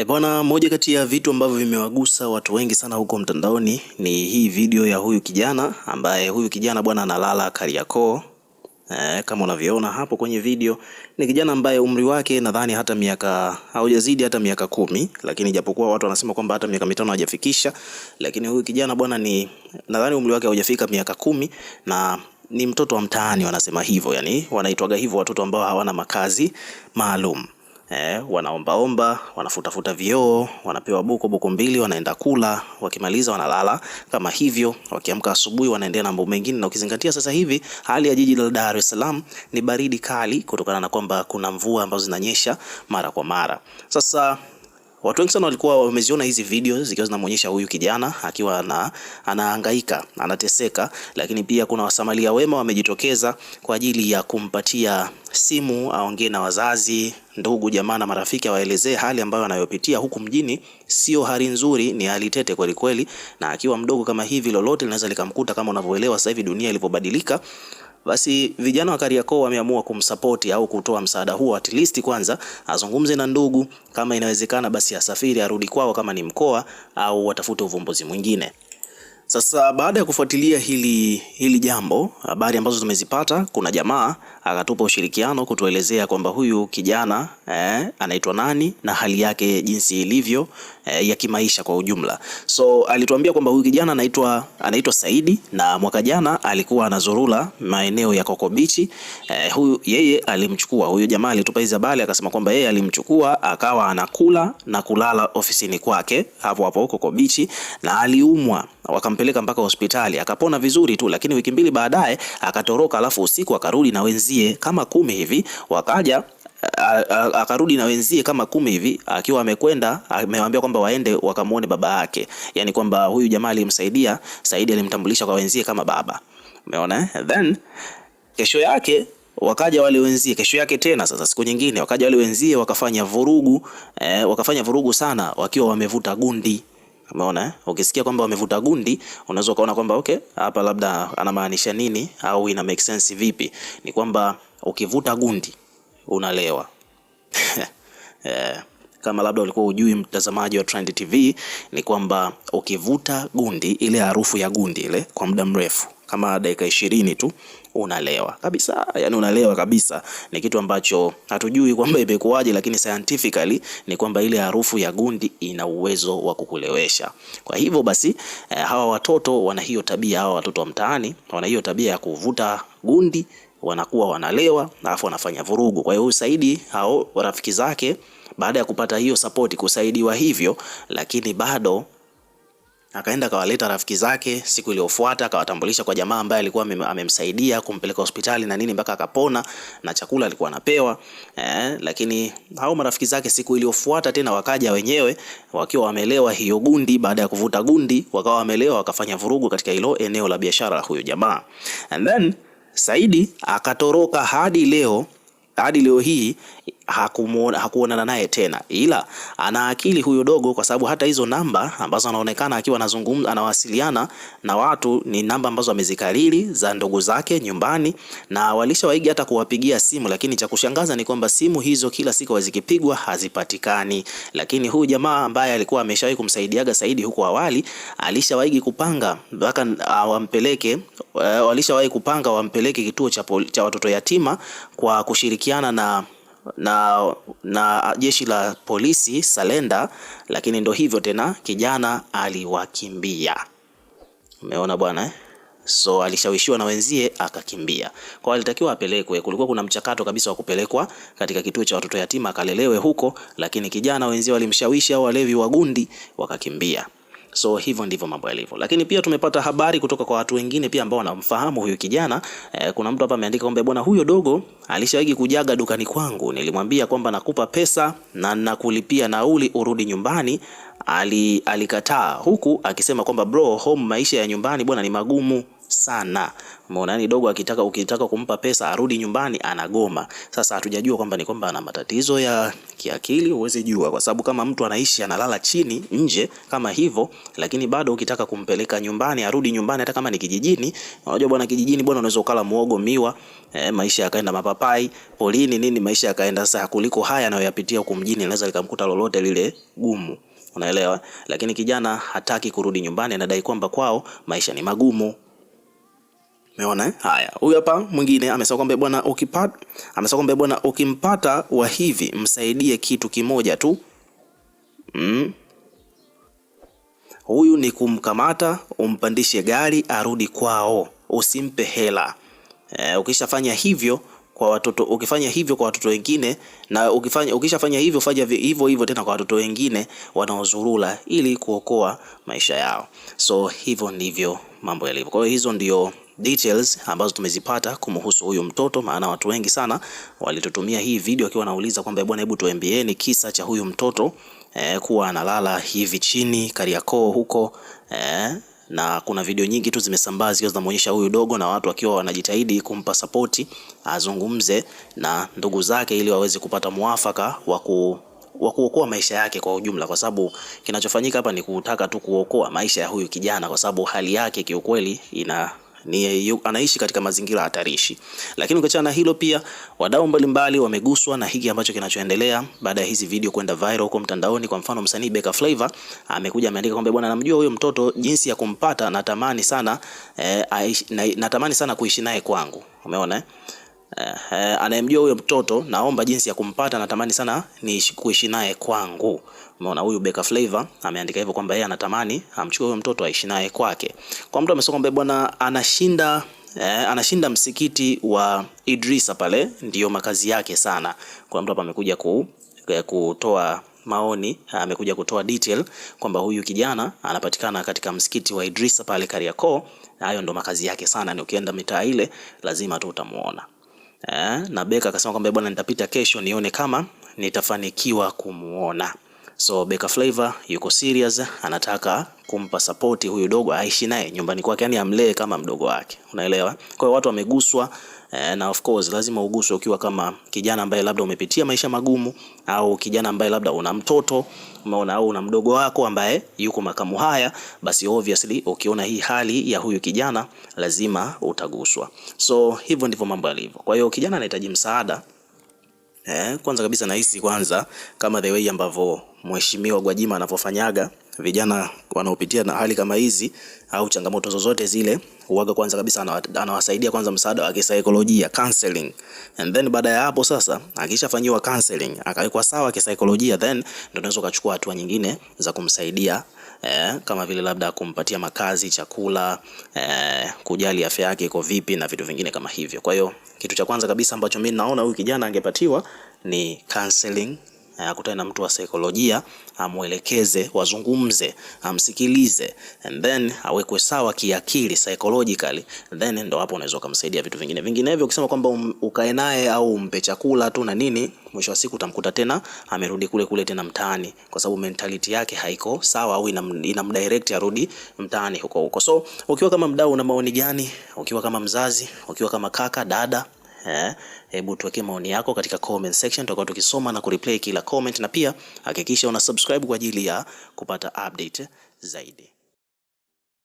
E bwana, moja kati ya vitu ambavyo vimewagusa watu wengi sana huko mtandaoni ni hii video ya huyu kijana ambaye huyu kijana bwana analala Kariakoo. E, kama unavyoona hapo kwenye video ni kijana ambaye umri wake nadhani hata miaka haujazidi hata miaka kumi, lakini japokuwa watu wanasema kwamba hata miaka mitano hajafikisha, lakini huyu kijana bwana ni nadhani umri wake haujafika miaka kumi na ni mtoto wa mtaani, wanasema hivyo, yani wanaitwaga hivyo watoto ambao hawana makazi maalum eh, wanaombaomba, wanafutafuta vioo, wanapewa buko buko mbili, wanaenda kula, wakimaliza wanalala kama hivyo, wakiamka asubuhi wanaendelea na mambo mengine. Na ukizingatia sasa hivi hali ya jiji la Dar es Salaam ni baridi kali, kutokana na kwamba kuna mvua ambazo zinanyesha mara kwa mara sasa Watu wengi sana walikuwa wameziona hizi video zikiwa zinamuonyesha huyu kijana akiwa na, anahangaika anateseka, lakini pia kuna wasamalia wema wamejitokeza kwa ajili ya kumpatia simu aongee na wazazi, ndugu, jamaa na marafiki, awaelezee hali ambayo anayopitia huku mjini. Sio hali nzuri, ni hali tete kweli kweli, na akiwa mdogo kama hivi, lolote linaweza likamkuta. Kama unavyoelewa sasa hivi dunia ilivyobadilika basi vijana wa Kariakoo wameamua kumsapoti au kutoa msaada huo, at least kwanza azungumze na ndugu, kama inawezekana basi asafiri arudi kwao kama ni mkoa, au watafute uvumbuzi mwingine. Sasa baada ya kufuatilia hili, hili jambo, habari ambazo tumezipata, kuna jamaa akatupa ushirikiano kutuelezea kwamba huyu kijana eh, anaitwa nani na hali yake jinsi ilivyo eh, ya kimaisha kwa ujumla. So alituambia kwamba huyu kijana anaitwa anaitwa Saidi na mwaka jana alikuwa anazurula maeneo ya Coco Beach eh, huyu yeye alimchukua huyu jamaa alitupa hizo habari akasema kwamba yeye alimchukua akawa anakula na kulala ofisini kwake hapo hapo Coco Beach na aliumwa wakam akampeleka mpaka hospitali akapona vizuri tu, lakini wiki mbili baadaye akatoroka, alafu usiku akarudi na wenzie kama kumi hivi wakaja akarudi na wenzie kama kumi hivi akiwa amekwenda amewaambia kwamba waende wakamuone baba yake, yani kwamba huyu jamaa alimsaidia Saidi, alimtambulisha kwa wenzie kama baba, umeona eh? Then kesho yake wakaja wale wenzie, kesho yake tena, sasa siku nyingine wakaja wale wenzie wakafanya vurugu eh, wakafanya vurugu sana, wakiwa wamevuta gundi Umeona, eh? ukisikia kwamba wamevuta gundi unaweza ukaona kwamba okay, hapa labda anamaanisha nini au ina make sense vipi? Ni kwamba ukivuta gundi unalewa eh, kama labda ulikuwa ujui mtazamaji wa Trend TV, ni kwamba ukivuta gundi, ile harufu ya gundi ile kwa muda mrefu kama dakika ishirini tu unalewa kabisa, yani unalewa kabisa. Ni kitu ambacho hatujui kwamba imekuwaje, lakini scientifically ni kwamba ile harufu ya gundi ina uwezo wa kukulewesha. Kwa hivyo basi, eh, hawa watoto wana hiyo tabia, hawa watoto wa mtaani wana hiyo tabia ya kuvuta gundi, wanakuwa wanalewa alafu wanafanya vurugu. Kwa hiyo Saidi hao rafiki zake baada ya kupata hiyo support kusaidiwa hivyo, lakini bado Akaenda akawaleta rafiki zake siku iliyofuata, akawatambulisha kwa jamaa ambaye alikuwa amemsaidia kumpeleka hospitali na nini mpaka akapona na chakula alikuwa anapewa eh. Lakini hao marafiki zake siku iliyofuata tena wakaja wenyewe wakiwa wamelewa hiyo gundi, baada ya kuvuta gundi wakawa wamelewa, wakafanya vurugu katika hilo eneo la biashara la huyo jamaa, and then Saidi akatoroka hadi leo, hadi leo hii hakumuona hakuonana naye tena, ila ana akili huyo dogo, kwa sababu hata hizo namba ambazo anaonekana akiwa anazungumza anawasiliana na watu ni namba ambazo amezikariri za ndugu zake nyumbani, na walishawaigi hata kuwapigia simu, lakini cha kushangaza ni kwamba simu hizo kila siku zikipigwa hazipatikani. Lakini huyu jamaa ambaye alikuwa ameshawahi kumsaidiaga Saidi huko awali alishawahi kupanga mpaka ah, wampeleke eh, walishawahi kupanga wampeleke kituo cha, cha watoto yatima kwa kushirikiana na na, na jeshi la polisi Salenda, lakini ndo hivyo tena, kijana aliwakimbia. Umeona bwana eh? So alishawishiwa na wenzie akakimbia. Kwa alitakiwa apelekwe, kulikuwa kuna mchakato kabisa wa kupelekwa katika kituo cha watoto yatima akalelewe huko, lakini kijana wenzie walimshawishi au walevi wagundi wakakimbia. So hivyo ndivyo mambo yalivyo, lakini pia tumepata habari kutoka kwa watu wengine pia ambao wanamfahamu huyu kijana e, kuna mtu hapa ameandika kwamba bwana, huyo dogo alishawahi kujaga dukani kwangu, nilimwambia kwamba nakupa pesa na nakulipia nauli urudi nyumbani. Ali, alikataa huku akisema kwamba bro, home maisha ya nyumbani bwana ni magumu sana. Umeona, ni yaani dogo akitaka, ukitaka kumpa pesa arudi nyumbani anagoma. Sasa hatujajua kwamba ni kwamba ana matatizo ya kiakili, huwezi jua, kwa sababu kama mtu anaishi analala chini nje kama hivyo, lakini bado ukitaka kumpeleka nyumbani arudi nyumbani, hata kama ni kijijini. Unajua bwana, kijijini bwana, unaweza ukala muogo, miwa, eh, maisha yakaenda, mapapai polini, nini, maisha yakaenda. Sasa kuliko haya anayoyapitia huko mjini, anaweza likamkuta lolote lile gumu. Unaelewa, lakini kijana hataki kurudi nyumbani, anadai kwamba kwao maisha ni magumu. Umeona eh? Haya, huyu hapa mwingine amesema kwamba bwana ukipata, amesema kwamba bwana ukimpata wa hivi msaidie kitu kimoja tu mm. Huyu ni kumkamata umpandishe gari arudi kwao, usimpe hela e, ukishafanya hivyo kwa watoto, ukifanya hivyo kwa watoto wengine na ukifanya, ukishafanya hivyo fanya hivyo hivyo tena kwa watoto wengine wanaozurula ili kuokoa maisha yao. So hivyo ndivyo mambo yalivyo. Kwa hiyo hizo ndio details ambazo tumezipata kumhusu huyu mtoto, maana watu wengi sana walitutumia hii video akiwa anauliza kwamba bwana, hebu tuambieni kisa cha huyu mtoto eh, kuwa analala hivi chini Kariakoo huko eh, na kuna video nyingi tu zimesambaa zikiwa zinamuonyesha huyu dogo na watu wakiwa wanajitahidi kumpa sapoti azungumze na ndugu zake ili waweze kupata mwafaka wa ku wa kuokoa maisha yake kwa ujumla, kwa sababu kinachofanyika hapa ni kutaka tu kuokoa maisha ya huyu kijana, kwa sababu hali yake kiukweli ina ni anaishi katika mazingira hatarishi. Lakini ukiachana na hilo, pia wadau mbalimbali wameguswa na hiki ambacho kinachoendelea baada ya hizi video kwenda viral huko mtandaoni. Kwa mfano, msanii Beka Flavor amekuja ameandika kwamba bwana, namjua huyo mtoto jinsi ya kumpata, natamani sana eh, aish, na, natamani sana kuishi naye kwangu. Umeona eh? Uh, anayemjua huyo mtoto naomba jinsi ya kumpata, natamani sana ni kuishi naye kwangu. Umeona, huyu Beka Flavor ameandika hivyo kwamba yeye anatamani amchukue huyo mtoto aishi naye kwake. Kwa mtu amesema kwamba bwana anashinda eh, anashinda msikiti wa Idrisa pale, ndiyo makazi yake sana. Kwa mtu hapa amekuja ku, eh, kutoa maoni amekuja kutoa detail kwamba huyu kijana anapatikana katika msikiti wa Idrisa pale Kariakoo, hayo ndo makazi yake sana, ni ukienda mitaa ile lazima tu utamuona eh, na Beka akasema kwamba eh, bwana, nitapita kesho nione kama nitafanikiwa kumuona. So Beka Flavor yuko serious, anataka kumpa support huyu dogo aishi naye nyumbani kwake, yani amlee kama mdogo wake, unaelewa? Kwa hiyo watu wameguswa eh, na of course lazima uguswe ukiwa kama kijana ambaye labda umepitia maisha magumu, au kijana ambaye labda una mtoto umeona, au una mdogo wako ambaye yuko makamu haya, basi obviously ukiona hii hali ya huyu kijana lazima utaguswa. So hivyo ndivyo mambo yalivyo. Kwa hiyo kijana anahitaji msaada. Eh, kwanza kabisa nahisi kwanza kama the way ambavyo Mheshimiwa Gwajima anavyofanyaga vijana wanaopitia na hali kama hizi au changamoto zozote zile, huaga kwanza kabisa anawasaidia kwanza msaada wa kisaikolojia counseling, and then baada ya hapo sasa, akishafanyiwa counseling akawekwa sawa kisaikolojia, then ndio unaweza ukachukua hatua nyingine za kumsaidia eh, kama vile labda kumpatia makazi, chakula, eh, kujali afya yake iko vipi na vitu vingine kama hivyo. Kwa hiyo kitu cha kwanza kabisa ambacho mimi naona huyu kijana angepatiwa ni counseling Eh, akutane na mtu wa saikolojia, amwelekeze, wazungumze, amsikilize and then awekwe sawa kiakili psychologically, then ndo hapo unaweza ukamsaidia vitu vingine vinginevyo. Ukisema kwamba um, ukae naye au umpe chakula tu na nini, mwisho wa siku utamkuta tena amerudi kule kule tena mtaani, kwa sababu mentality yake haiko sawa, au inamdirect arudi mtaani huko huko. So ukiwa kama mdau, una maoni gani? Ukiwa kama mzazi, ukiwa kama kaka, dada Eh, hebu tuweke maoni yako katika comment section, tutakuwa tukisoma na kureplay kila comment, na pia hakikisha una subscribe kwa ajili ya kupata update zaidi.